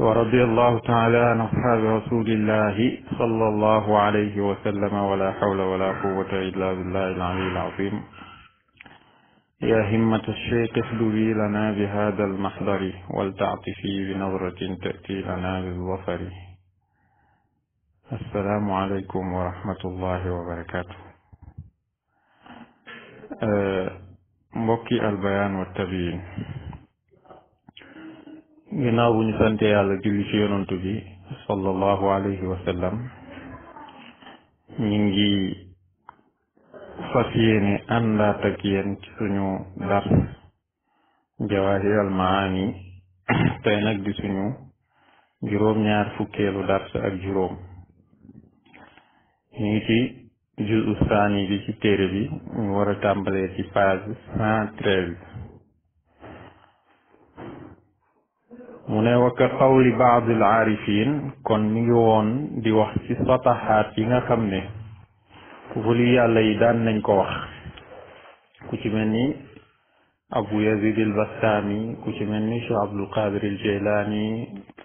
ورضي الله تعالى عن أصحاب رسول الله صلى الله عليه وسلم ولا حول ولا قوة إلا بالله العلي العظيم يا همة الشيخ اهدري لنا بهذا المحضر ولتعطفي بنظرة تأتي لنا بالبصر السلام عليكم ورحمة الله وبركاته آه، مبكي البيان والتبيين ginnaaw bu ñu sante yàlla julli ci yonantu bi sallallahu alayhi wa sallam ngi fas yéene àndaat ak yéen ci suñu dars jawaahir al maani nag di suñu juróom-ñaar fukkeelu dars ak juróom ñu ngi ci juzu saani bi ci téere bi ñu war a ci page cent treize mu ne wa ka qawli baad al aarifin kon mi ngi woon di wax ci sataxaat yi nga xam ne wuli yàlla yi daan nañ ko wax ku ci mel ni abu yazid al bastaami ku ci mel ni cheikh abdul qadir al jilani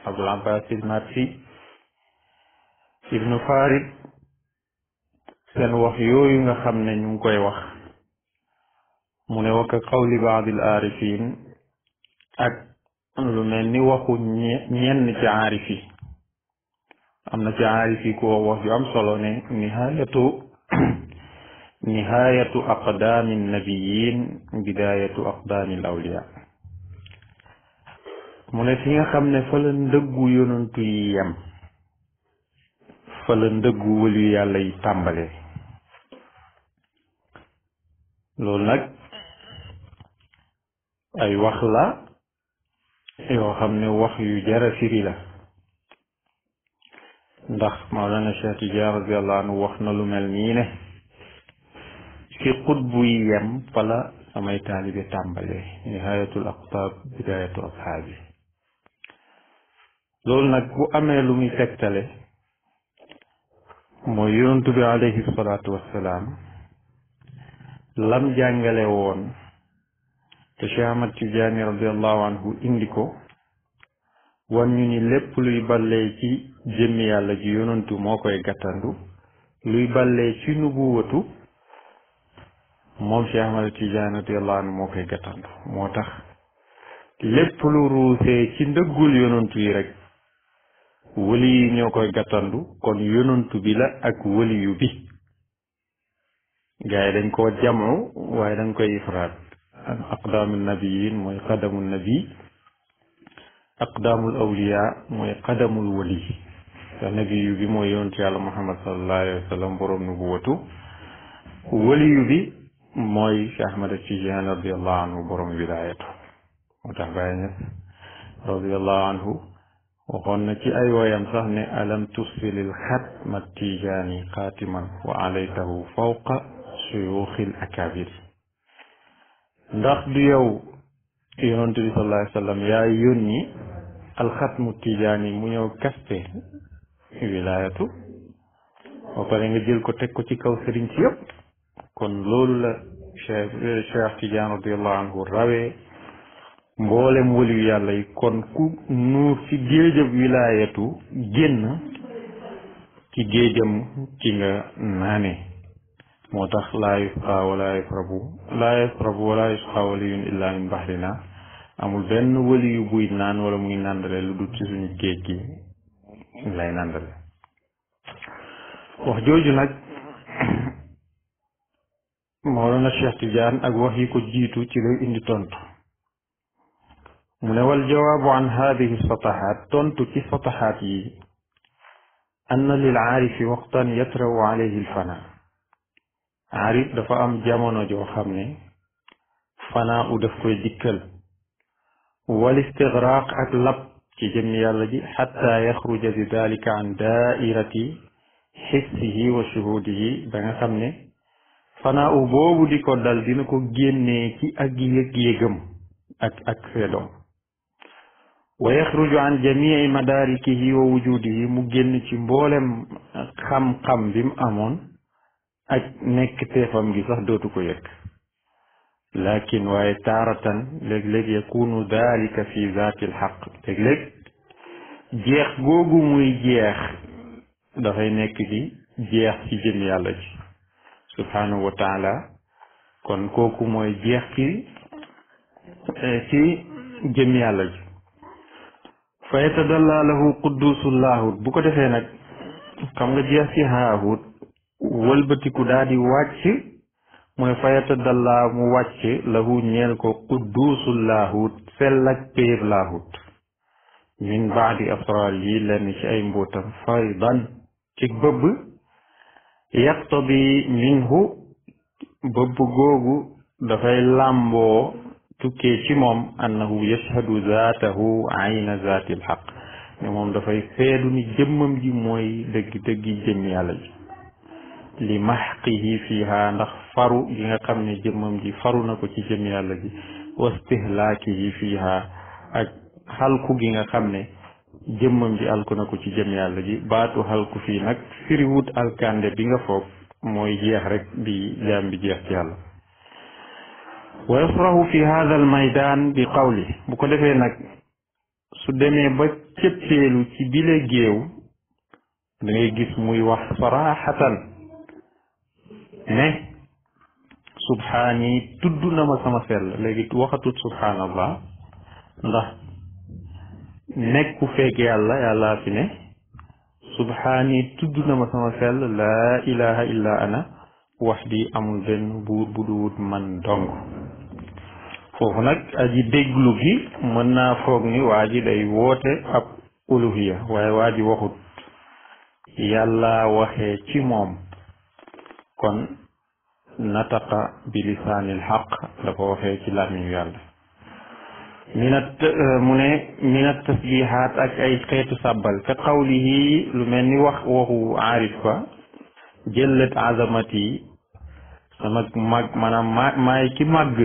abul abbas al marsi ibnu farid seen wax yooyu nga xam ne ñu ngi koy wax mu ne wa ka qawli baad al aarifin ak am lu mel ni waxu ñenn ci aarif am na ci aarif yi ko wax yu am solo ne nihaayatu nihaayatu aqdaami nabiyin bidaayatu aqdaami awliya mu ne fi nga xam ne fa la ndëggu yonantu yi yem fa la ndëggu wëlu yàlla yi tàmbalee loolu nag ay wax la yoo xam ne wax yu jara firi la ndax Mawlana Cheikh Tijaan radiyallahu anhu wax na lu mel nii ne fi xutbu yi yem fala samay taalibe tàmbalee nihayatul aqtaab bidayatu ashaabi loolu nag bu amee lu muy tegtale mooy yonantu bi lam jàngale woon te Cheikh Ahmad Tidiane indi ko wan ñu ni lépp luy ballee ci jëmmi yàlla ji yonantu moo koy gàttandu luy ballee ci nubuwatu moom Cheikh Ahmad Tidiane moo koy gàttandu moo tax lépp lu ruusee ci ndëggul yonantu yi rek wëli yi ñoo koy gàttandu kon yonantu bi ak wëli yu bi gars yi dañ koo jamu waaye dañ koy ifraat أقدام النبيين موي قدم النبي أقدام الأولياء موي قدم الولي النبي يبي موي يونتي على محمد صلى الله عليه وسلم بروم نبوته ولي يبي موي شيخ أحمد الشيجان رضي الله عنه بروم بدايته متابعين رضي الله عنه وقلنا كي أيوة ينصحني ألم تسل الختم التيجاني قاتما وعليته فوق شيوخ الأكابر ndax du yow yonent bi sallallahu alayhi wa sallam yaa mu ñëw kaste wilaayatu ba pare nga jël ko teg ko ci kaw sëriñ si yëpp kon loolu la cheikh cheikh tijaan radiallahu rawee mboolem wëliyu yàlla yi kon ku nuur ci géejab wilaayatu génn ci géejam ci nga naane موتاخ لا يفقى ولا يفرب لا يفرب ولا يفقى ولي الا من بحرنا امول بن ولي بوي نان ولا موي ناندل لودو سي سوني جيجي لاي ناندل واخ جوجو ناج مولانا شيخ تيجان اك وخي كو جيتو سي لا اندي تونت مولا الجواب عن هذه السطحات تونت كي سطحات ان للعارف وقتا يترو عليه الفنان arif dafa am jamono jo xamne fana u daf koy dikkel wal istighraq ak lab ci jëm yàlla ji hatta yakhruja bi dalika an da'irati hissihi wa shuhudihi ba nga xamne fana u bobu diko dal dina ko genné ci ak yëg-yëgam ak ak fedo ويخرج عن جميع مداركه ووجوده مجن في مبولم خم خم بم أمون ak nekk teefam gi sax dootu ko yëg lakin waaye taaratan léeg-léeg yakunu dalika fi zaatil xaq léeg-léeg jeex googu muy jeex dafay nekk di jeex ci jëm yàlla ji subhaanahu wa taala kon kooku mooy jeex ci eh, ci jëm yàlla ji fa yatadalla lahu quddusllahut bu ko defee nag xam nga jeex ci haahut wëlbatiku daa di wàcc mooy fayata dallaa mu wàcc lahu ñeel ko qudduusul laahut sell ak péeb min baadi asraar yi lenn ci ay mbóotam faydan ci bëbb yaqtabi minhu bëbb googu dafay làmboo tukkee ci moom annahu yashhadu zaatahu ayna zaati alxaq ne moom dafay seedu jëmmam ji mooy dëgg dëggi jëm yàlla لمحقه فيها نخفر لنا قمنا جمم دي فرنا كي جميع الله واستهلاكه فيها خلق لنا قمنا جمم دي ألقنا كي جميع باتو بعد في فينا سريود ألقان دي بنا فوق موي جيهرك بي جام بجيهتي الله ويصره في هذا الميدان بقوله بقوله فينا سدمي بكتلو كي بلا جيو دنيا جسمي وحصراحة ne subhaan yi tudd na ma sama sell léegi waxatut subhaanallah ndax nekku feeg yàlla yàlla fi ne subhaan tudd na ma sama sell laa ilaha illa ana wahdi amul benn buur bu duwut man dong foofu nag aji déglu gi mën naa foog ni waa day woote ab uluhiya waaye waa ji waxut yàlla waxee ci moom kon nataqa bi lisaanil xaq la ko waxee ci làmmiñu yàlla minat mu ne minat tasbihaat ak ay xeetu sàbbal ka qawlihi lu mel ni wax waxu aarif ba jëllat azamati sama mag maanaam maay ki màgg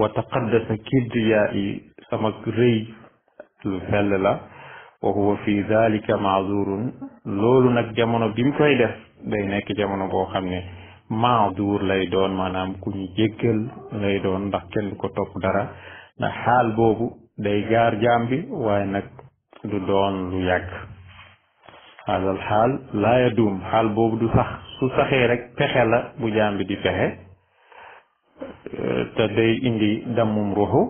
wa taqaddasa kibriyaa yi sama rëy lu fell la wa huwa fi dalika maazurun loolu nag jamono bi mu koy def day nekk jamono boo xam ne maaduur lay doon maanaam ku ñu jéggal lay doon ndax kenn ko topp dara ndax xaal boobu day gaar jaam bi waaye nag du doon lu yàgg xaalal xaal laaya duum xaal boobu du sax su saxee rek pexe la bu jaam bi di pexe te day indi dammum ruuxu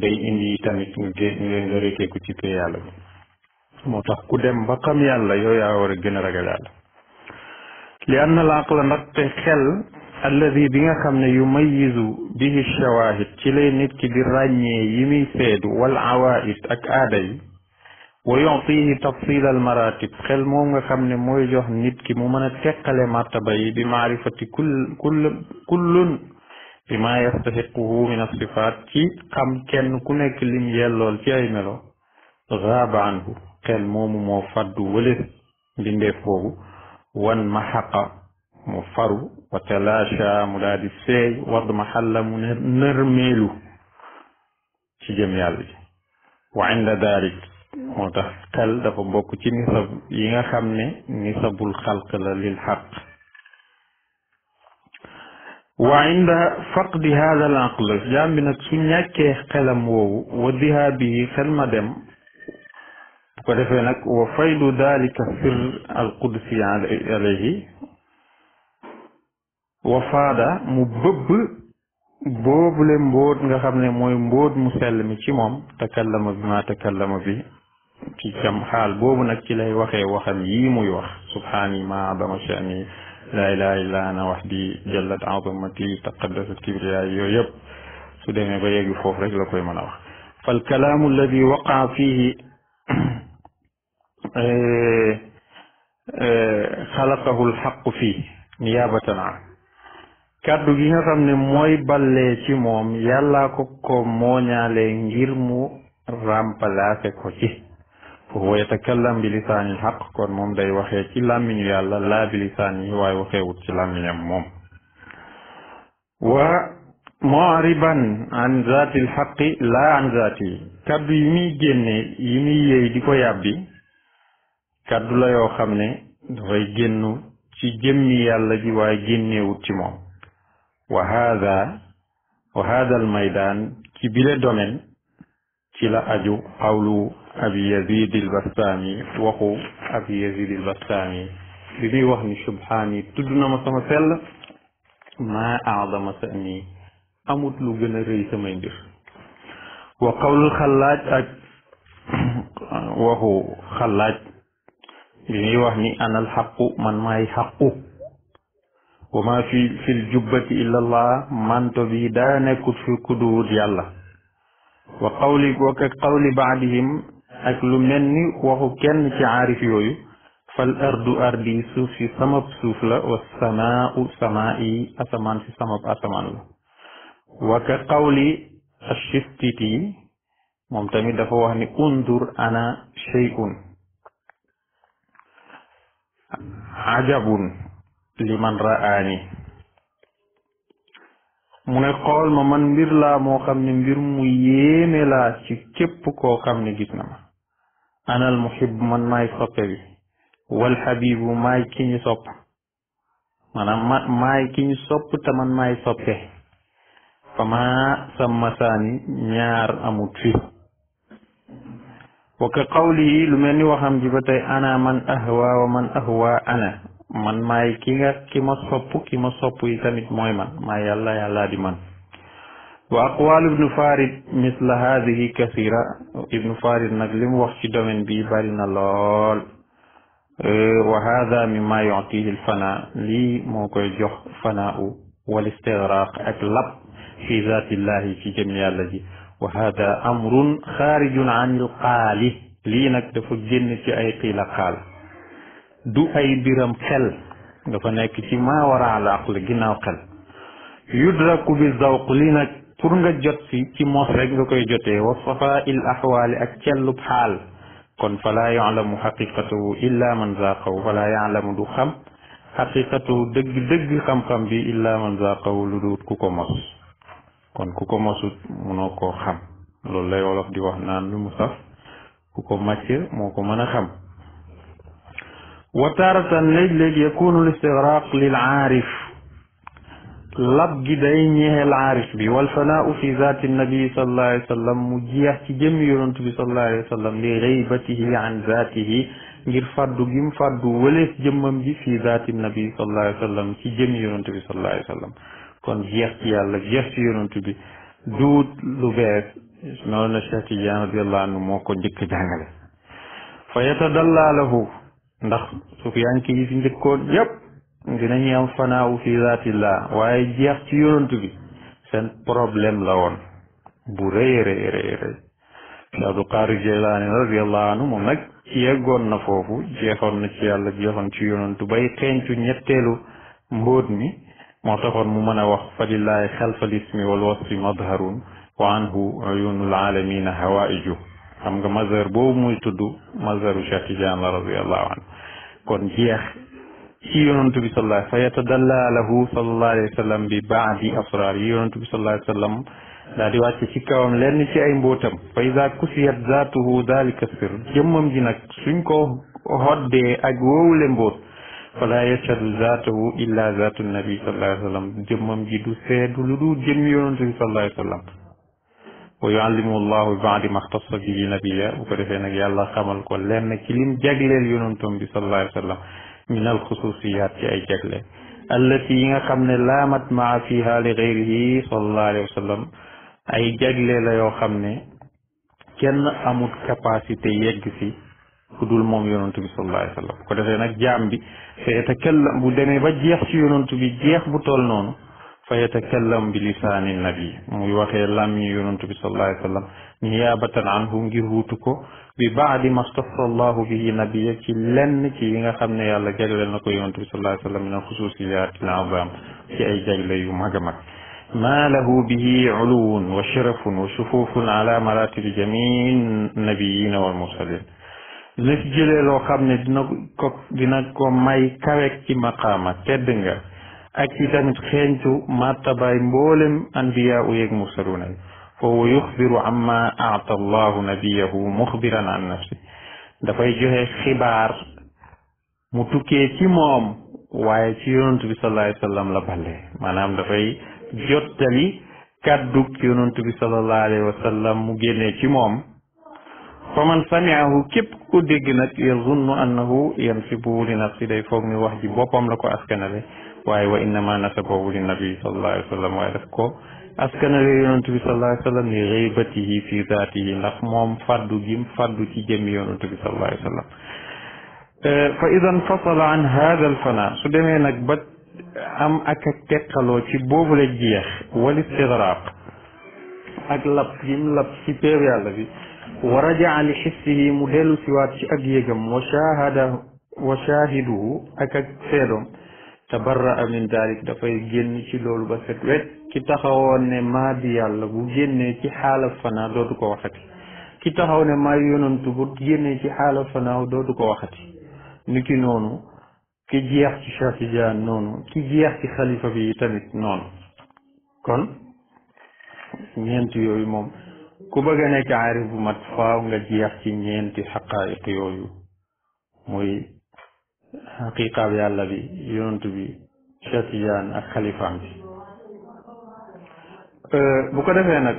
day indi tamit nga nga réeteeku ci pee yàlla moo tax ku dem ba xam yàlla yow yaa war a gën a ragal yàlla xel alladi bi nga xam ne yumayizu bihi shawahid ci lay nit ki di ràññee yi muy seedu wal awaid ak aada yi wa yutihi tafsil al maratib xel moom nga xam ne mooy jox nit ki mu mën a teqale martaba yi bi maarifati kull kull bi ma yastaxiquhu min asifaat ci xam kenn ku nekk lim yellool ci ay melo gaaba anhu xel moomu moo fàddu wëlëf mbindeef boobu wan ma xaqa mu faru wa talaasha mu daal di feey wadd ma xalla mu nërmeelu ci jëm yàlla ji wa inda dalik moo tax xel dafa bokk ci nisab yi nga xam ne nisabul xalq la lil xaq wa inda faqdi hada al aql jaam bi nag su ñàkkee xelam woowu wa dihaa bii xel ma dem ko defee nag wa faydu dalika fir alqudsi alayhi wa faada mu nga xamne moy mbod mu sel mi ci mom takallama bima takallama bi ci kam xaal bobu nak ci lay waxe waxam yi muy wax subhani ma adama shani la ilaha illa ana wahdi jallat azamati taqaddasat kibriya yooyu yëpp su deme ba yegi foofu rek la koy mana wax fal kalam alladhi waqa fihi Eh, eh, xalaqahu lxaqu fii niyaabatan an kàddu gi nga xam ne mooy ballee ci moom yàllaa ko ko mooñaale ngir mu remplacer ko ci fa huwa yatakallam bi lisaani kon moom day waxee ci làmmiñu yàlla laa bi lisaan yi waaye waxeewut ci làmmiñam moom wa an zaati laa an zaati kàddu yi muy génne yi ko yàbbi kàddu la yoo xam ne dafay génn ci jëmmi yàlla ji waaye génneewut ci moom wa haada wa haada al maydaan ci bile domaine ci la aju xawlu abi yazid al bastaami waxu abi yazid al bastaami bi muy wax ni subhaani tudd na ma sama sell ma aadama sa nii amut lu gën a rëy samay mbir wa qawlul xallaaj ak waxu xallaaj li ñuy wax ni anal xaqu man maay xaqu wa ma fi fil jubbati illa allah manto bi daa nekkut fi kuduwut yàlla wa qawli wa ka qawli baadihim ak lu mel ni waxu kenn ci aarif yooyu fal ardu ardi suuf si samab suuf la wa samaau samaa'i asamaan si samab asamaan la wa ka qawli ashistiti moom tamit dafa wax ni undur ana shay'un ajabun liman raani mu ne xool ma man mbir la moo xam ne mbir mu yéeme la ci képp koo xam ne gis na ma anal muhib man maay soppe bi wal xabibu maay ki ñu sopp maanaam ma maay ki ñu sopp te man maay soppe fama sama saani ñaar amut fi وكقوله لمن وهم جبتي انا من اهوى ومن اهوى انا من ماي كيغا كيما صوبو كيما صوبو يتامت موي من ما يلا يلا دي من واقوال ابن فارد مثل هذه كثيرة ابن فارد نقلم وخش دومن بي بارنا لول اه، وهذا مما يعطيه الفناء لي موقع جوخ فناء والاستغراق اكلب في ذات الله في جميع الذي وهذا أمر خارج عن القال lii nag dafa génn ci ay xiila xaal du ay biram xel dafa nekk ci maa wara al aql ginnaaw xel yudraku bi zawq lii nag pour nga jot si ci mos rek nga koy jotee wa safa il axwaali ak cellub xaal kon fala yalamu xaqiqatahu illa man zaqahu fala yalamu du xam xaqiqatahu dëgg dëgg xam-xam bi illa man zaqahu lu duut ku ko mos kon ku ko mosut munoo koo xam loolu lay wolof di wax naan lu mu ku ko màcc moo ko mën a xam wa taratan léeg-léeg yakunu l istigraq lil lab gi day ñeexeel bi wal fanaau fi zaati nabi sallallahu alayhi mu jeex ci jëmmi yonent bi sallallahu alayhi wa sallam li xaybatihi an zaatihi ngir fàddu gi mu fàddu wëleef jëmmam ji fi zaati nabi sallallahu alayhi ci jëmmi yonent bi sallallahu alayhi kon jeex ci yàlla jeex ci yonantu bi duut lu bees noonu na Cheikh Tidiane radiyallahu moo ko njëkk jàngale fa yatadalla lahu ndax sufyanke yi fi njëkkoon yépp dinañu am fanaawu fi zaatillah waaye jeex ci yonantu bi seen problème la woon bu rëy rëy rëy rëy Cheikh Abdul na foofu na ci yàlla jeexoon ci yonantu bay ñetteelu mbóot mi moo taxoon mu mën a wax fa lillaahi xalfal ismi wal wasfi madharun wa anhu uyunul aalamina hawaiju xam nga mazhar boobu muy tudd mazharu Cheikh Tidiane la radiallahu anhu kon jeex ci yonantu bi sallallahu alayhi fa yatadalla lahu sallallahu alayhi wa sallam bi baadi asrar yi yonantu bi sallallahu alayhi wa sallam daa di wàcc ci kawam lenn ci ay mbóotam fa ida kusiyat zaatuhu dalika sir jëmmam ji nag suñ ko hoddee ak woowule mbóot fala yashhadu zaatahu illa zaatu nabi sallallahu alayhi wa sallam jëmmam ji du seedu lu dul jëmmi yonent bi sallallahu alayhi wa sallam wa yuallimu llahu baadi ma xtasa bihi nabiya bu ko defee nag yàlla xamal ko lenn ci lim jagleel yonentam bi sallallahu alayhi wa sallam min al xususiyaat ci ay jagle allati yi nga xam ne laamat maa fiha li gayrihi sallallahu alayhi wa sallam ay jagle la yoo xam ne kenn amut capacité yegg si kudul mom yonentou bi sallallahu alayhi wasallam ko defé nak jam bi fa yatakallam bu demé ba jeex ci yonentou bi jeex bu tol noonu fa yatakallam bi lisaani nabi muy waxé lam làmmiñu yonentou bi sallallahu alayhi wasallam niyabatan anhu ngir wutu ko bi ba'd ma stafra allahu bihi nabiya ci lenn ci yi nga xamné yàlla jagalel nako yonentou bi sallallahu alayhi wa sallam min xususiyaatil azam ci ay jagle yu mag ما له به علو وشرف وشفوف على مراتب جميع النبيين والمرسلين dina loo xam ne dina ko may kawek ci maqaama tedd nga ak ci tamit xeeñtu martabaay mboolem anbiya u yeeg mursaluna yi fa huwa yuxbiru amma aata nabiyahu muxbiran an nafsi dafay joxe xibaar mu tukkee ci moom waaye ci yonent bi sallallahu alayhi wa sallam la ballee maanaam dafay jottali kàddug yonent bi sallallahu alayhi wa mu génnee ci moom fa man samiahu képp ku dégg nag yazunnu annahu yansibu li nafsi day foog ni wax ji boppam la ko askanale waaye wa innama nasabahu li nabi sallallahu alayhi wa sallam waaye daf ko askanale yonent bi sallallahu alayhi wa sallam li xëybatihi fi zaatihi ndax moom faddu gim faddu ci jëmmi yonent bi sallallahu alayhi wa sallam fa idan fasala an hada alfana su demee nag ba am ak ak teqaloo ci boobule jeex wal istigraq ak lab gim lab ci péer yàlla bi wa rajaa li mu dellu siwaat ci ak yëgam wa shaahada wa shaahiduhu ak ak seedoom tabarraa min dalik dafay génn ci loolu ba set wet ki taxawoon ne maa di yàlla bu génnee ci xaala fanaa dootu ko taxaw ne maa yonantu bu génnee ko waxati ni ki noonu ki jeex ci Cheikh Tidiane noonu ki jeex ci xalifa bi tamit noonu kon ñeent yooyu moom ku bëgg a nekk aarif bu mat faaw nga jeex ci ñeenti xaqaayiq yooyu muy xaqiqaab yàlla bi yonent bi chatiyaan ak xalifaam bi euh, bu ko defee nag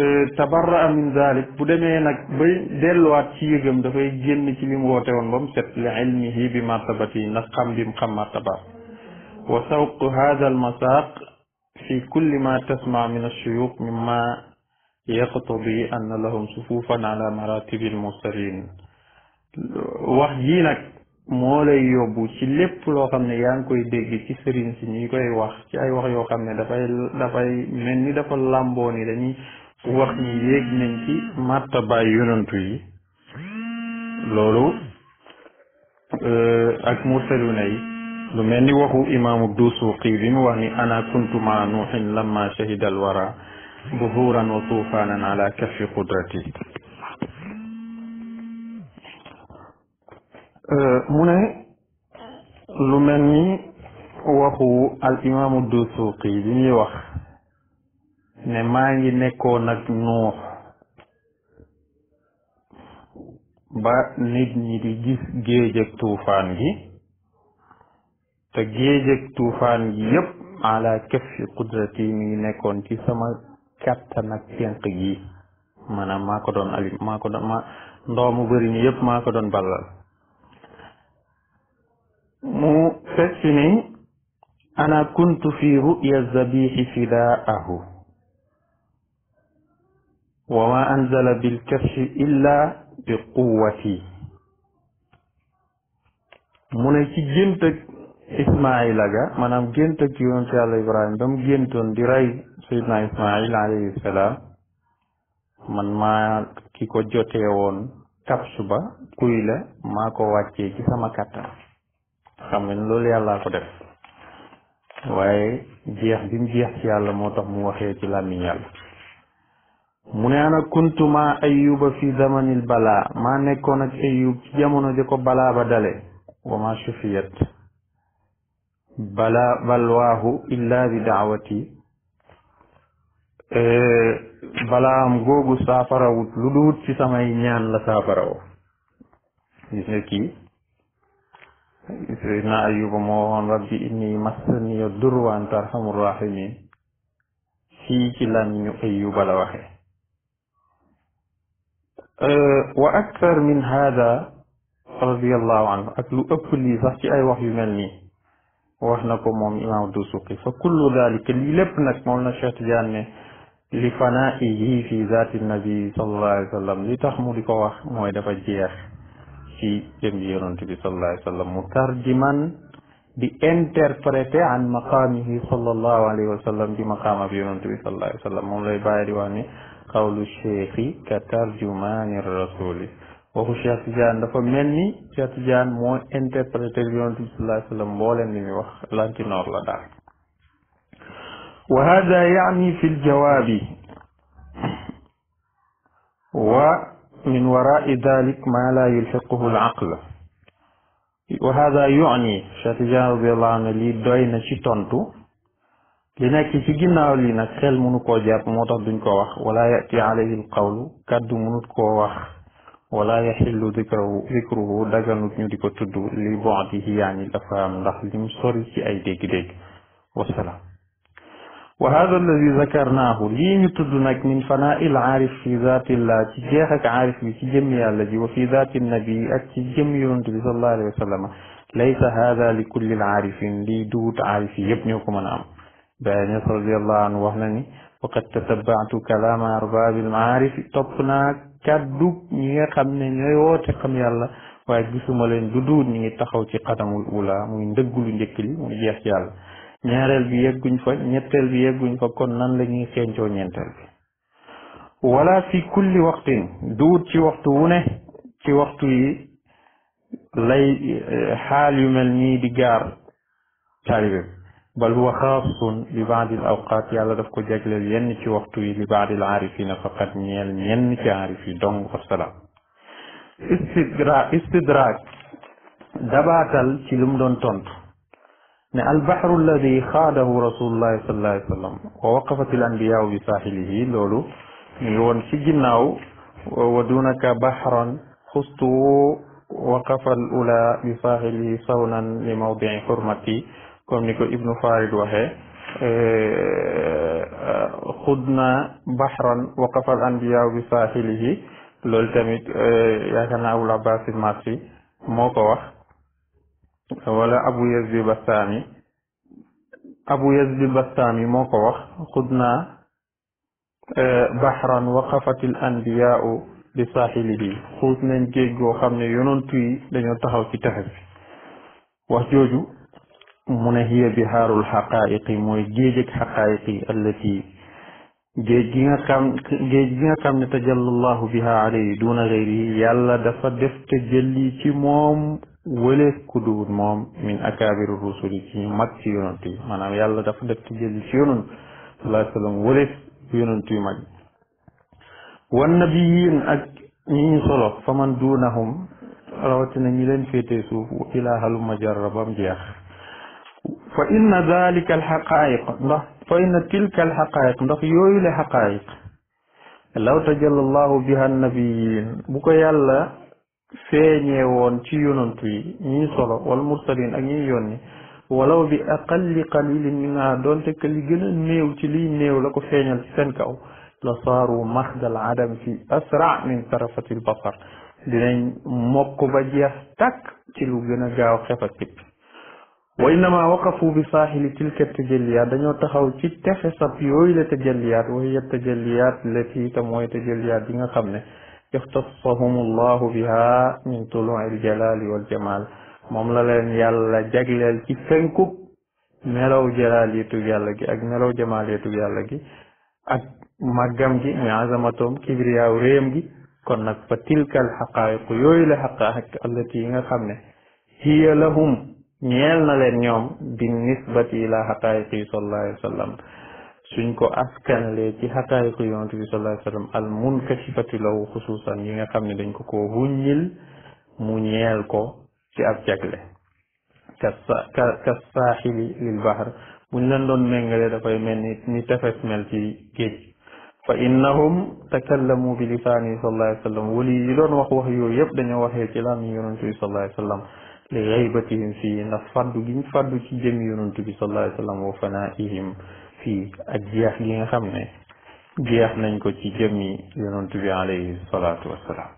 euh, tabarraa min dalik bu demee nag bay delluwaat ci yëgam dafay génn ci li mu woote woon ba mu set li ilmihi bi martabati ndax xam bi mu xam martabaam wa sawq hada al masaq fi kulli ma tasma min alshuyuq mimma yaqtadi anna lahum sufufan ala maratibil mursalin wax jii nag moo lay yóbbu ci lépp loo xam ne yaa ngi koy dégg ci sëriñ si ñi koy wax ci ay wax yoo xam ne dafay dafay mel ni dafa làmboo ni dañuy wax ni yéeg nañ ci màttabaay yonantu yi loolu euh, ak mursaluna yi lu mel ni waxu imaamu dusuqi bi mu wax ni ana kuntu maa nuuxin lamma shahida alwara بهورا وطوفانا على كف قدرتي mu ne lu mel ni waxu al imaamu dusuuqi bi muy wax ne maa ngi nekkoon ak nuux ba nit ñi di gis géej ak tuufaan gi te géej ak tuufaan gi yépp ala kafi qudrati mi ngi nekkoon ci sama kattan ak tenq gi maanaam maa ko doon alim maa ko doon maa ndoomu bëri mi yëpp maa ko doon ballal mu fekk si ni ana kuntu fi ru'ya zabixi fidaahu wa ma anzala bilkaffi illa bi quwati mu ne ci gént Ismaayila ga maanaam gént ak yonent yàlla Ibrahima ba mu géntoon di rey Seydina Ismaayil man maa ki ko jotee woon kapsu ba kuy la maa ko wàccee ci sama kàttan xam nga loolu yàllaa ko def waaye jeex bi mu ci yàlla moo tax mu waxee ci làmmiñ mu ne ana kuntuma ayuba fi zamanil balaa maa nekkoon ak ayub ci jamono di ko balaa ba dale wa ma sufiyat بلا بلواه إلا بدعوتي إيه، بلا أم جوجو سافر أو تلود في سماي نيان لا سافر أو يسكي سيدنا أيوب موهن ربي إني مسني الدر وأن ترحم الراحمين في كلام أيوب لواه وأكثر من هذا رضي الله عنه أكل أكل لي صحي أي وحي ملني wax na ko moom imaam Dusuqi fa kullu dalika lii lépp nag moom na Cheikh Tidiane ne li fanaa'ihi fi zaati nabi sallallahu alayhi li tax mu di ko wax mooy dafa jeex ci jëm yonent bi sallallahu alayhi wa sallam di interpréter an maqaamihi sallallahu alayhi wa sallam di maqaam ab yonent bi sallallahu alayhi lay bàyyi di wax ni qawlu cheikhi ka tarjumani rasuli waxu Cheikh Tidiane dafa mel ni Cheikh Tidiane moo interprété yonent bi sallallahu alayhi wa sallam mbooleem li muy wax lantinoor la daal wa hada yaani fi ljawaabi wa min waraai dalik ma la yulxiquhu alaql wa hada yuani Cheikh Tidiane radiallahu anhu lii doy na ci tontu li nekk ci ginnaaw lii nag xel mënu koo jàpp moo tax duñ ko wax wala yati alayhi alqawlu kàddu mënut koo wax ولا يحل ذكره ذكره دغن نيو ديكو تود لي بعده يعني دا فام داخ ليم سوري اي ديك ديك والسلام وهذا الذي ذكرناه لي نتود من فناء العارف في ذات الله تجاهك عارف في جميع الذي وفي ذات النبي اتجم يون صلى الله عليه وسلم ليس هذا لكل العارفين لي دوت عارف يبنيكم انا بان رضي الله عنه وهلني وقد تتبعت كلام ارباب المعارف طبناك kàddu ñi nga xam ne ñooy woote xam yàlla waaye gisuma leen du duut ñi ngi taxaw ci xadamul wula muy ndëggulu njëkk li muy jeex ci yàlla ñaareel bi yegguñ fa ñetteel bi yegguñ fa kon nan la ñuy xeeñcoo ñeenteel bi wala fi kulli waxtin duut ci waxtu wu ne ci waxtu yi lay eh, xaal yu mel nii di gaar taalibe بل هو خاص لبعض الأوقات على دفق جاكل ينك وقت لبعض العارفين فقط نيال ينك عارفي دون والسلام استدراك دباتل كلم دون تنت البحر الذي خاده رسول الله صلى الله عليه وسلم ووقفت الأنبياء بساحله لولو نيوان سجناو ودونك بحرا خصتو وقف الأولى بساحله صونا لموضع حرمتي comme ni ko ibnu farid waxee xudna baxran waqafa al anbiya bi sahilihi lol tamit yaakaar naa abul abbas marsi moo ko wax wala abu yazid bastami abu yazid bastami moko ko wax xudna baxran waqafat al anbiyaa bi saaxilihi xuus nañ géej goo xam ne yonontu yi dañoo taxaw ci texe wax jooju mu ne hiya bihaarul xaqaayiqi mooy géej ak xaqaayiq yi géej gi nga xam géej gi nga xam ne tajallallahu biha alayhi duna gayrihi yàlla dafa def te jëlli ci moom wëleef ku duwut moom min akaabiru rusuli ci mag ci yonant yi maanaam yàlla dafa def ci yonant sallallahu alayhi wa sallam yu mag wan nabiyin ak ñi ñu solo fa man duunahum rawatina ñi leen féetee suuf ilaahaluma jarrabam jeex فإن ذلك الحقائق فإن تلك الحقائق ده يوي الحقائق لو تجل الله بها النبيين بك يلا فيني وان تيون انتوي ني والمرسلين اني يوني ولو بأقل قليل من دون تكلي جن نيو تلي نيو لكو فيني السنكو لصاروا مخد العدم في أسرع من طرفة البصر لنين مقبجيه تك تلو جنجاو خفتك wa innama waqafu bi saaxili tilka tajalliyaat dañoo taxaw ci tefe sab yooyu la tajalliyaat wa hiya tajalliyaat lati te mooy tajalliyaat yi nga xam ne ixtasahum allahu biha min tuluci aljalaali waljamaal moom la leen yàlla jagleel ci fenkub melaw jalaaliitug yàlla gi ak melaw jamaaliitug yàlla gi ak màggam gi muy azamatoom kibriyaaw réem gi kon nag fa tilka alxaqaayiqu yooyu la xaqaayiq allati yi nga xam ne hiya lahum ñeel na leen ñoom bi nisbati ila xaqaayiq yi sallallahu alayhi wa sallam suñ ko askanlee ci xaqaayiq yi yonent bi sallallahu alayhi wa sallam al munkashifati law xusuusan yi nga xam ne dañ ko ko wuññil mu ñeel ko ci ab jagle ka ka saaxili lil bahr buñ leen doon méngale dafay mel ni ni tefes mel ci géej fa innahum takallamu bi lisaani sallallahu alayhi wa sallam wali yi doon wax wax yooyu yëpp dañoo waxee ci lam yi yonent bi sallallahu alayhi wa sallam li xaybatihim fii ndax faddu giñ faddu ci jëm yonantu bi sallallahu alayhi wa sallam wa fanaihim fii ak jeex gi nga xam ne jeex nañ ko ci jëmmi yonantu bi alayhi salaatu wassalaam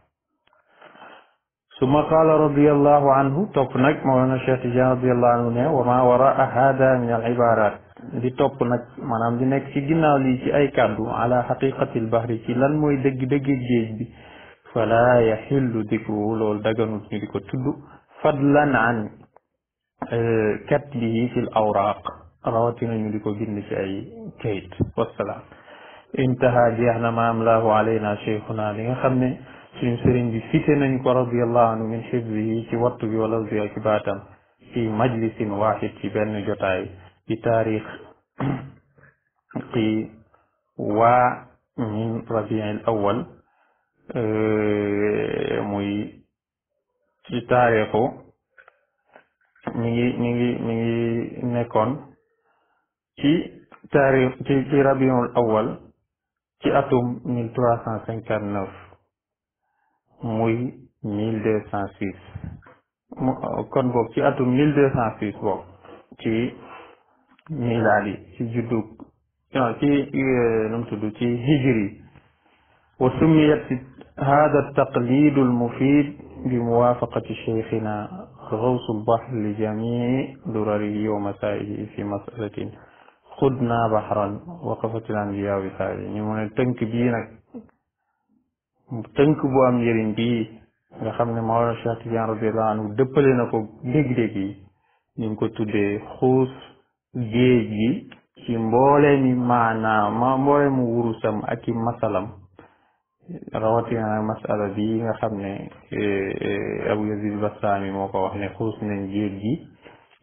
summa qaala radiallahu anhu topp nag mawlana cheikh tijan radiallahu anhu ne wa ma waraa hada min al ibarat di topp nag maanaam di nekk ci ginnaaw lii ci ay kàddu ala xaqiqatil bahri ci lan mooy dëgg dëgg géej bi fala yaxillu dikruhu loolu daganut ñu di ko tudd فضلا عن آه، كتله في الأوراق رواتنا يملكو بن في كيت والسلام انتهى جهنا ما أملاه علينا شيخنا لنخمي سيم سرين دي سيتنا رضي الله عنه من حفظه في وقت بولوزي أكباتا في مجلس واحد في بين جوتاي في تاريخ في و من ربيع الأول آه موي ci taarixu ngi mi ngi mi ngi nekkoon ci taarix ci ci rabiul awal ci atum mille trois cent cinquante neuf muy mille deux cent six mu ci atum mille deux cent six ci milaadi ci juddug ah, ci euh, nu ci hijri wa summiyat hada taqlidul mufid بموافقة شيخنا غوث البحر لجميع درره ومسائله في مسألة xudna baxran waqafat al-anbiyaa bi saari ñu mu ne tënk bii nag tënk bu am njëriñ bii nga xam ne Mawlana Cheikh Tidiane radiyallahu anhu dëppale na ko dég-dég yi ñu ko tuddee xuus géej gi ci mbooleemi maanaam mbooleemu wurusam ak masalam rawatina masala bi nga xam ne eh, eh, Abu Yazid Bastaami moo ko wax ne xuus nañ géej gi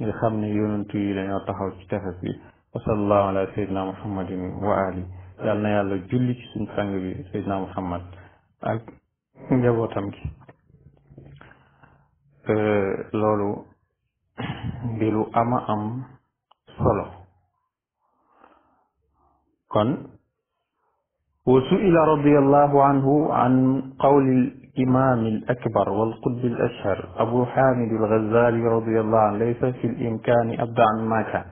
nga ne yonantu yi dañoo taxaw ci tefes bi wa muhammadin wa ali yàlla na yàlla julli ci suñ sang bi sayyidina muhammad ak njabootam gi eh, loolu di lu ama am solo kon وسئل رضي الله عنه عن قول الإمام الأكبر والقد الأشهر أبو حامد الغزالي رضي الله عنه ليس في الإمكان أبدع مما كان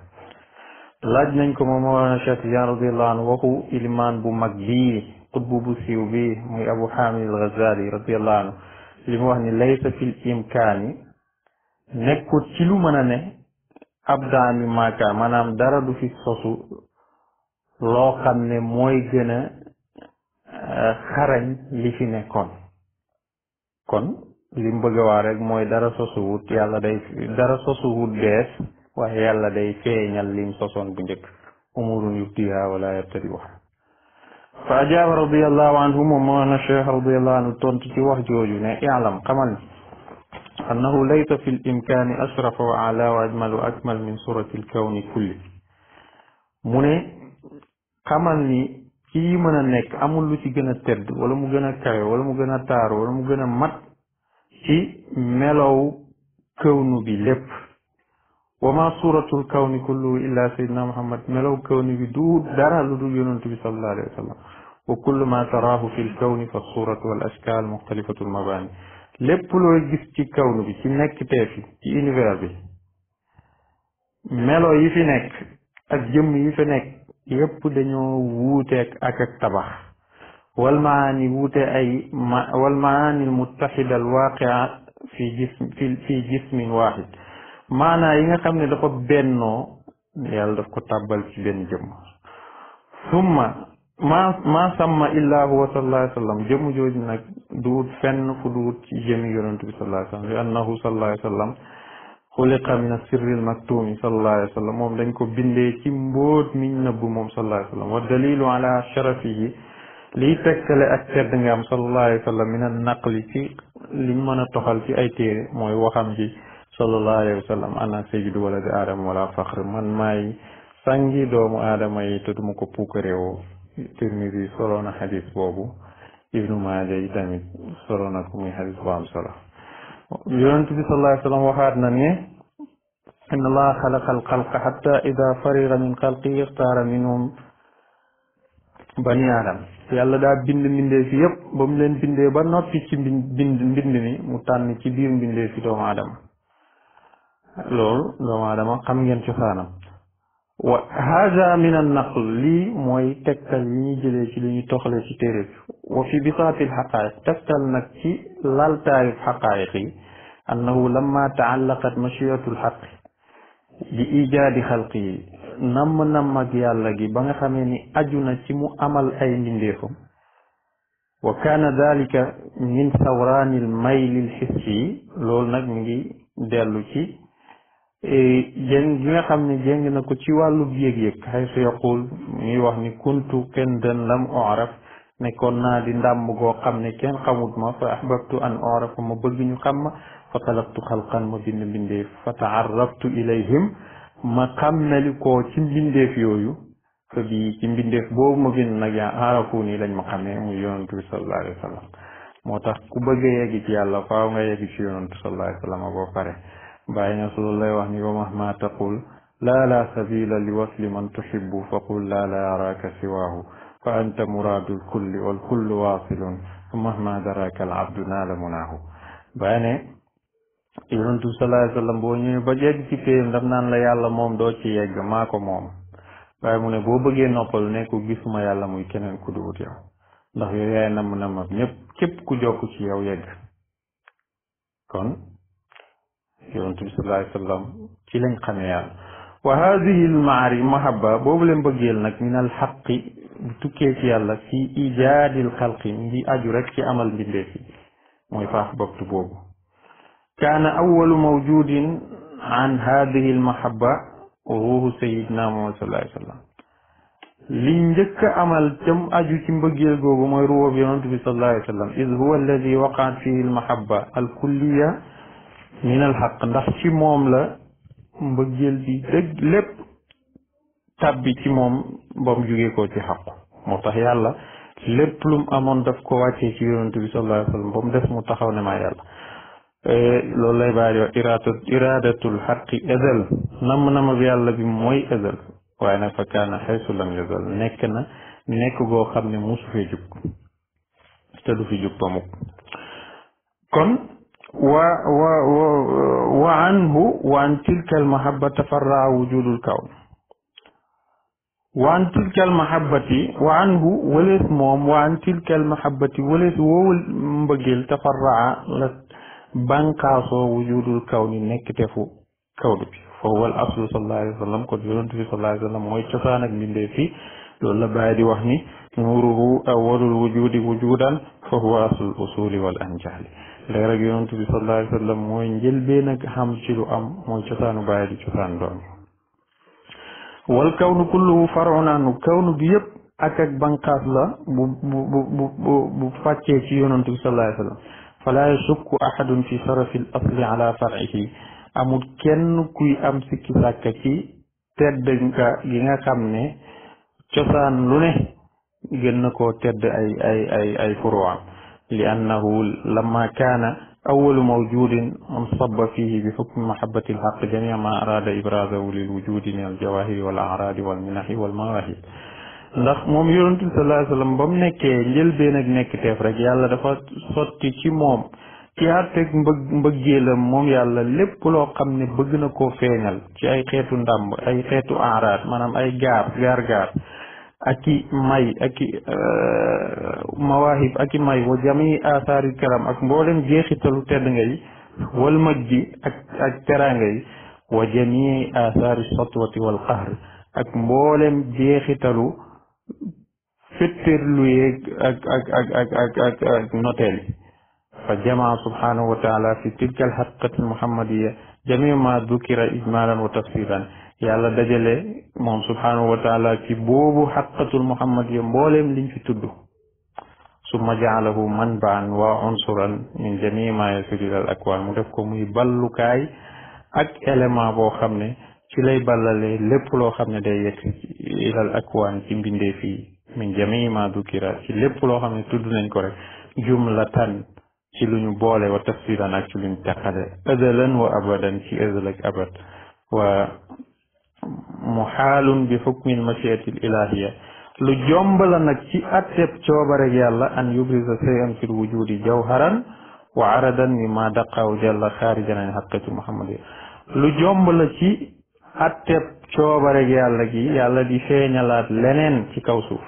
لجنكم مولانا شاتيان رضي الله عنه وهو إلمان بمقدي قطب بسيوبي مي أبو حامد الغزالي رضي الله عنه لمهن ليس في الإمكان نكو تلو منانا أبدع مما كان منام دردو في الصوص لو خمني موي xarañ li fi nekkoon kon lim bëgg waa rek mooy dara sosuwut yàlla day dara sosuwut bees waaye yàlla day feeñal lim sosoon bu njëkk umurun yubdiha wala yabtadiuha fa ajaaba radiallahu anhu moom moona cheikh radiallahu anhu tontu ci wax jooju ne ilam xamal ni annahu laysa fi limkaani ashrafa wa ala wa ajmal wa akmal min surati alkawni kulli mu ne xamal ni ci yi mën a nekk amul lu ci gën a tedd wala mu gën a kawe wala mu gën a taaru wala mu gën a mat ci melow kawnu bi lépp wa ma suratul kawni kulluhu illa sayidina muhammad melow kawni bi du dara lu dul yonantu bi sallallahu alayhi wa wa kullu ma taraahu fi lkawni fa suratu wal ashkaal muxtalifatu lmabaani lépp looy gis ci kawnu bi ci nekk teefi ci univers bi melo yi fi nekk ak jëmm yi fi nekk yépp dañoo wuuteek ak ak tabax walmaani wuute ay ma walmaani almuttaxida alwaqia fi jism fi fi jismin waaxid maanaa yi nga xam ne dafa bennoo yàlla daf ko tàbbal ci benn jëmm summa ma ma samma illaa huwa sallallahu alayhi wa sallam jëmm jooju nag duut fenn fu duut ci jëmi yonent bi sallallahu alayhi wa sallam li annahu sallallahu wa sallam xuliqa min asirri almaktumi sallallahu alayhi wa sallam moom dañ ko bindee ci mbóot miñ nëbbu moom sallallahu alayhi wa sallam wa dalilu ala sharafihi liy tegtale ak tedd nga am sallallahu alayhi wa sallam min annaqli ci liñ mën a toxal ci ay téere mooy waxam ji sallallahu alayhi wa sallam ana sayyidu waladi aadama wala faxr man maay sàngi doomu aadama yi te duma ko puukaréewoo Tirmidi soloona xadis boobu Ibnu Maaja yi tamit solo na ko muy xadis bu am solo yonent bi waxaat na ne inna allaha xalaqa alxalqa xatta ida fariga min xalqi ixtaara minhum bani aadam yàlla daa bind mbindee fi ba mu leen bindee ba noppi ci mbi mu tànn ci biir mbindee fi doomu aadama loolu doomu aadama xam ngeen cosaanam wa haada min an naql lii mooy tegtal yi ñuy ci li ñu toxalee ci téere bi wa fi bisaati l xaqaayiq tegtal nag ci laltaayub xaqaayiq annahu lamma taallaqat machiatul xaqi bi ijaadi xalqi yi namm namm ak yàlla gi ba nga xamee ni aju na ci mu amal ay mbindeefam wa kaana dalika min sawraanil maylil xissi yi loolu nag mi ngi dellu ci e, jéng gi nga xam ne jéng na ko ci wàllu yëg-yëg xay su yaqul muy wax ni kuntu kenn den lam oraf nekkoon naa di ndàmm goo xam ne kenn xamut ma fa ahbabtu an oraf ma bëgg ñu xam ma fa xalaqtu xalqan ma bind mbindeef fa taarraftu ilayhim ma xàmmelikoo ci mbindeef yooyu fa bii ci mbindeef boobu ma bind nag yaa aarafu nii lañ ma xamee muy yonantu bi sallallahu alayhi wa sallam moo tax ku bëgg a yegg ci yàlla faaw nga yegg ci yonantu sallallahu alayhi wa sallam boo pare bàyyi na solo lay wax ni wa mahma taqul laa laa sabila li wasli man tuxibu fa qul laa laa araaka siwaahu fa anta muraadul kulli wal kullu waasilun mahma daraka al abdu naala munaahu bàyyi ne yonentu sallallahu alayhi wasallam boo ba yegg ci péyam daf naan la yàlla moom doo ci yegg ko moom waaye mu ne boo bëggee noppalu ne ko gisuma yàlla muy keneen ku duwut yow ndax yow yaay namm namm ak ñépp képp ku jokk ci yow yegg kon yonentu bi sallallahu ci lañ xamee yàlla wa hadihi lmaari mahabba boobu leen bëggeel nag min al xaqi bu tukkee ci yàlla fi xalqi ngi aju rek ci amal mbindeef yi mooy faax boktu boobu كان أول موجود عن هذه المحبة هو سيدنا محمد صلى الله عليه وسلم لنجك أمل تم أجو تم بجيل جوب ميرو بيرنت صلى الله عليه وسلم إذ هو الذي وقع فيه المحبة الكلية من الحق نحن نحشي مواملة بجيل دي دج لب tabbi ci moom bam jugee ko ci xaq moo tax yàlla lépp lum amoon daf ko wàccee ci yonent bi sallallahu alayhi wa sallam bam def mu taxaw ne maa yàlla loolu lay bàyyi wax iraatu iraadatul xaqi azal nam na ma bi yàlla bi mooy azal waaye nag fa kaana xaysu lam yazal nekk na nekk goo xam ne musu fee jub te du fi jub ba mukk kon wa wa wa anhu wa an tilka almahabba tafarraa wujudul kawn wa an tilka almahabbati wa anhu walees moom wa an tilka almahabbati walees woowul mbëggeel tafarraa la bànqaasoo wujudul kaw ni nekkitefu kaw bi fa huwa aslu sallallahu alayhi wa sallam bi sallallahu alayhi mooy cosaan ak mbindee loolu la bàyyi di wax ni nuuruhu awwalul wujudi wujudan fa huwa aslul usuli wal anjaali léegi rek bi sallallahu alayhi mooy njëlbeen ak xam ci lu am mooy cosaanu bàyyi di cosaan doon wal kawnu kulluhu far'un anhu kawnu bi yëpp la bu bu bu bu ci yonentu bi sallallahu alayhi فلا يشك أحد في شرف الأصل على فرعه أمود كن كي أمسك ساكتي تدنك لنا كمنا جسان لنه جنكو تد أي أي أي أي فروع لأنه لما كان أول موجود انصب فيه بحكم محبة الحق جميع ما أراد إبرازه للوجود من الجواهر والأعراض والمنح والمواهب ndax moom yonent bi sallallahu alayhi wasallam ba mu nekkee njëlbeen ak nekk teef rek yàlla dafa sotti ci moom ci àtteeg mbëgg mbëggeelam moom yàlla lépp loo xam ne bëgg na koo feeñal ci ay xeetu ndàmb ay xeetu aaraat maanaam ay gaar gaar gaar ak i may ak i euh, mawaahib ak i may wa jami asaari karam ak mboolem jeexitalu tedd nga yi wal mag ji ak ak teraanga yi wa jami asaari sotwati wal qahr ak mboolem jeexitalu fetteer lu yeeg fa jamaa subhanahu wa taala fi tilka alxaqiqati almuhammadiya jamii ma dukira ijmalan wa tafsilan yàlla dajale moom subhanahu wa taala ci boobu xaqiqatul muhammadiya mbooleem liñ fi tudd summa jaalahu manbaan wa unsuran min jamii ma yasiri ilal akwaan mu def ko muy ballukaay ak ma boo xam ne ci lay ballale lépp loo xam ne day yegg ilal akwaan ci mbindeef yi min jamii ma dukira ci lépp loo xam ne tudd nañ ko rek jumlatan ci lu ñu boole wa tafsilan ak ci lu ñu teqale ëzalan wa abadan ci ëzal ak abad wa muxaalun bi xukmil mashiati l ilahiya lu jomb la nag ci atteb coobareg yàlla an yubrisa shay'an fil wujudi jawharan wa aradan mi ma daqaaw jàlla xaarijan an xaqiqati muhammad lu jomb la ci atteb coobareg yàlla gi yàlla di feeñalaat leneen ci kaw suuf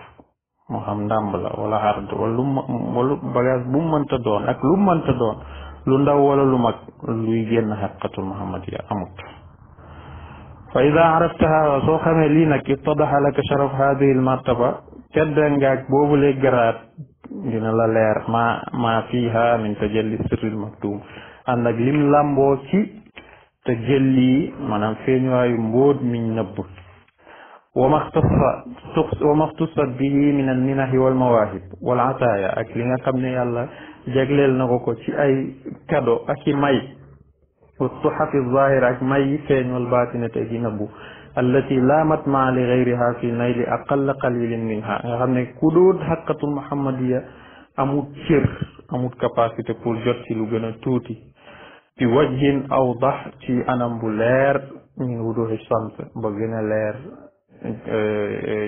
xam ndàmb la wala ard wala lu bu mu doon ak lu mënta doon lu ndaw wala lu mag luy génn xaqiqatul muhammadiya amut fa ida araftaha soo xamee lii nag ittadaxa laka sharaf hadihi al martaba tedd ngaak boobule garaat dina la leer ma ma min tajalli sirril maktum ànd ak lim làmboo ci te jëlli maanaam feeñuwaayu mbóot miñ ma wa maxtasa wa maxtasat bihi min al minahi mawahib wal ataaya ak li nga xam ne yàlla jagleel na ko ko ci ay kado ak i may wa tuxafi zahir ak may yi feeñ baatina te gi nëbbu allati la matmaa li gayriha fi nayli aqalla qalilin minha nga xam ne ku doon pour jot ci lu gën a tuuti بوجه أوضح ci anam bu leer min wuduhi sant ba gën a leer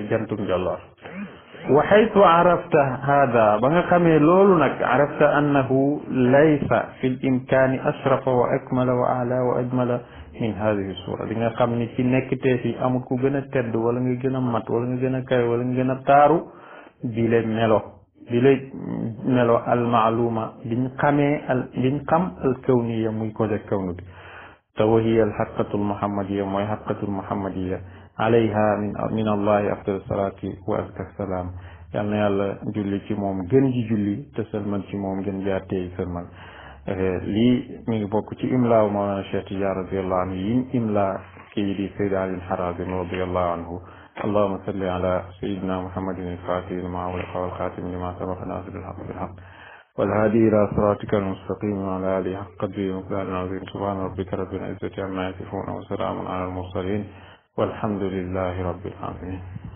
jantum jolloor wa xaytu arafta hada ba nga xamee loolu nag arafta annahu laysa fi l imkaani ashrafa wa akmala wa ala wa ajmala min hadihi sura li nga xam ni ci nekkteef yi amul ku gën a tedd wala nga gën a mat wala nga gën a kay wala nga gën a taaru bi leen melo bi lay melo al maaluma biñ xamee al biñ xam al kawniya muy côté kawnu bi te wahiya al xaqatul muhammadiya mooy xaqatul muhammadiya alayha min min allahi afdal salaati wa azka salaam yal na yàlla julli ci moom gën ji julli te sëlmal ci moom gën jaa teey sëlmal lii mi ngi bokk ci imlaaw mawlana cheikh tidiane radiallahu anhu yiñ imlaa kii di sayd alin harazim radiallahu anhu اللهم صل على سيدنا محمد الفاتح لما أغلق والخاتم لما سبق الناس الحق بالحق والهادي إلى صراطك المستقيم وعلى آله حق قدره ومقدار العظيم سبحان ربك رب العزة عما يصفون وسلام على المرسلين والحمد لله رب العالمين